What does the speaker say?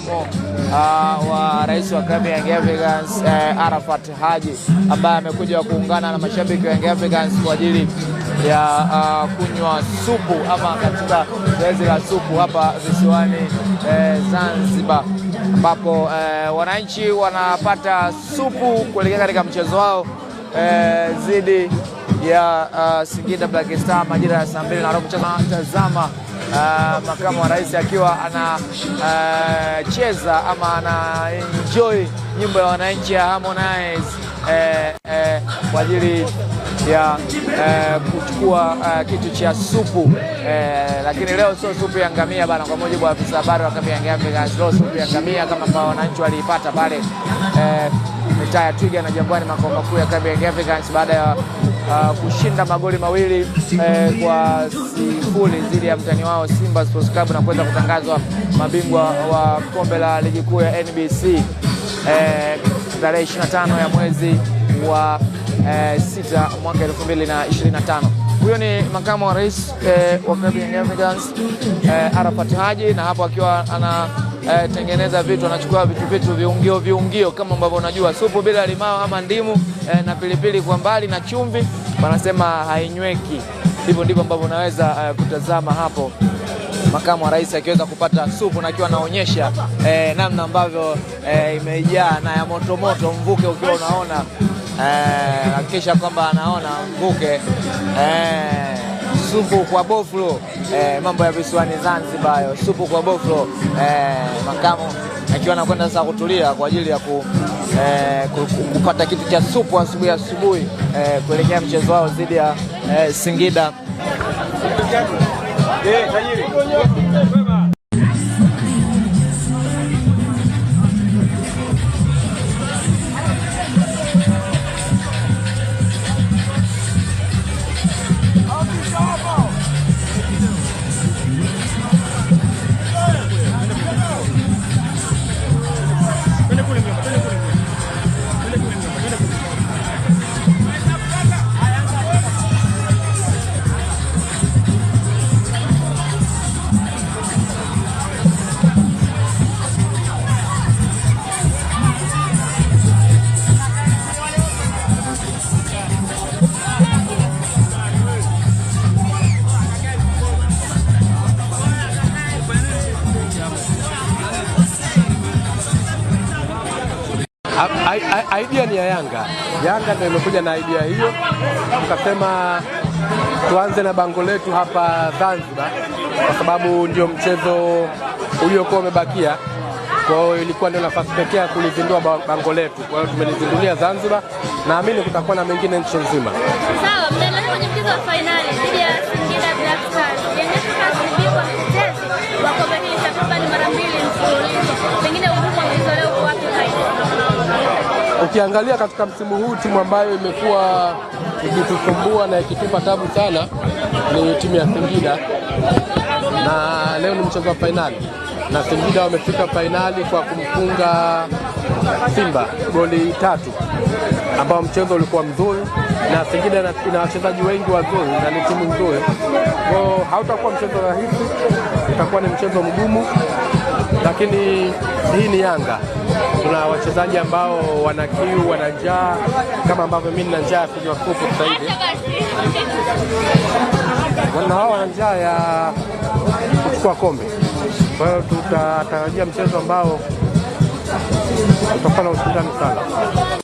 makamu uh, wa rais wa klabu ya Young Africans uh, Arafat Haji ambaye amekuja kuungana na mashabiki wa Young Africans kwa ajili ya uh, kunywa supu ama katika zoezi la supu hapa visiwani uh, Zanzibar, ambapo uh, wananchi wanapata supu kuelekea katika mchezo wao eh, dhidi ya uh, Singida Black Star majira ya saa mbili na robo. Tazama uh, makamu wa rais akiwa anacheza eh, uh, ama ana enjoy nyimbo ya wananchi ya Harmonize uh, uh, kwa ajili ya uh, kuchukua uh, kitu cha supu uh, lakini leo sio supu ya ngamia bana. Kwa mujibu wa afisa habari wa kambi ya ngamia, sio supu ya ngamia kama kwa wananchi waliipata pale uh, mitaa ya Twiga na Jangwani, makao makuu ya kambi ya Africans baada ya uh, kushinda magoli mawili eh, kwa sifuri dhidi ya mtani wao Simba Sports Club na kuweza kutangazwa mabingwa wa kombe la ligi kuu ya NBC eh, tarehe eh, 25 ya mwezi wa eh, sita mwaka 2025. Huyo ni makamu wa rais eh, wa klabu ya Young Africans eh, Arafat Haji na hapo akiwa ana eh, tengeneza vitu, anachukua vitu vitu viungio viungio kama ambavyo unajua supu bila limao ama ndimu eh, na pilipili kwa mbali na chumvi, wanasema hainyweki. Hivyo ndivyo ambavyo unaweza eh, kutazama hapo makamu wa rais akiweza kupata supu na akiwa anaonyesha eh, namna ambavyo eh, imejaa na ya moto moto, mvuke ukiwa unaona eh, hakikisha eh, kwamba anaona mvuke eh, supu kwa boflo eh, mambo ya visiwani Zanzibar hayo, supu kwa boflo eh, makamu akiwa anakwenda sasa kutulia kwa ajili ya ku, eh, kupata kitu cha supu asubuhi asubuhi eh, kuelekea mchezo wao dhidi ya eh, Singida. Eh, idea ni ya Yanga. Yanga ndio imekuja na idea hiyo, tukasema tuanze na bango letu hapa Zanzibar, kwa sababu ndio mchezo uliokuwa umebakia. Kwa hiyo ilikuwa ndio nafasi pekee ya kulizindua bango letu, kwa hiyo tumelizindulia Zanzibar. Naamini kutakuwa na mengine nchi nzima. Sawa, mnaelekea kwenye mchezo wa fainali dhidi ya Singida Black Stars. Ukiangalia katika msimu huu timu ambayo imekuwa ikitusumbua na ikitupa tabu sana ni timu ya Singida, na leo ni mchezo wa fainali na Singida wamefika fainali kwa kumfunga Simba goli tatu, ambao mchezo ulikuwa mzuri na Singida ina wachezaji wengi wazuri na ni timu nzuri, kwa hautakuwa mchezo rahisi, utakuwa ni mchezo mgumu, lakini hii ni Yanga. Tuna wachezaji ambao wana kiu, wana njaa kama ambavyo mimi nina njaa ya kunywa kopo sasa hivi, na wao wana njaa ya kuchukua kombe. Kwa hiyo tutatarajia mchezo ambao utakuwa na ushindani sana.